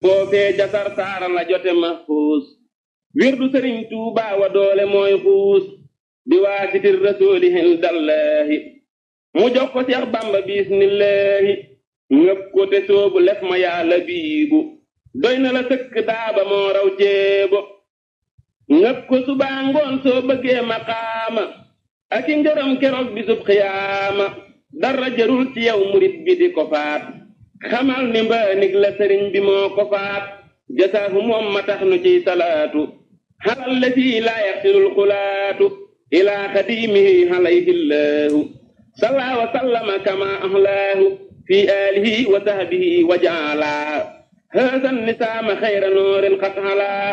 boobee jasar saara la jotema huus wirdu sëriñ tuubaa wa doole mooy xuus di waasitir rasuli hindallahi mu jox ko seex bamba bisnillahi ngëb ko te soobu lef ma yàlla biibu doy na la sëkk daaba moo raw jéebo ngëb ko subaa ngoon soo bëggee maqaama aki njaram kerog bi subxiyaama dara jarul ci yow murit bi di ko faat xamal ni mbaanig la sëriñ bi moo ko faat jasaahu moom ma tax nu ciy salaatu xalal la si laa yaxsilul xulaatu ilaa xadiimihi alayhi llaahu salla wa sallama kama ahlaahu fi aalihi wa sahbihi wa jaala haasan nisaama xayra noorin xat halaa